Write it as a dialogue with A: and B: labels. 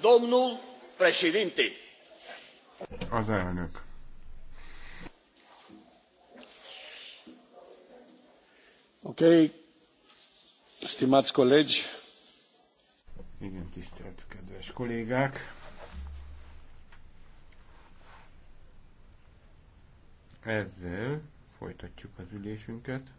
A: Domnul președinte.
B: Az elnök.
C: Ok, stimați colegi. Igen, tisztelt kedves
D: kollégák. Ezzel folytatjuk az ülésünket.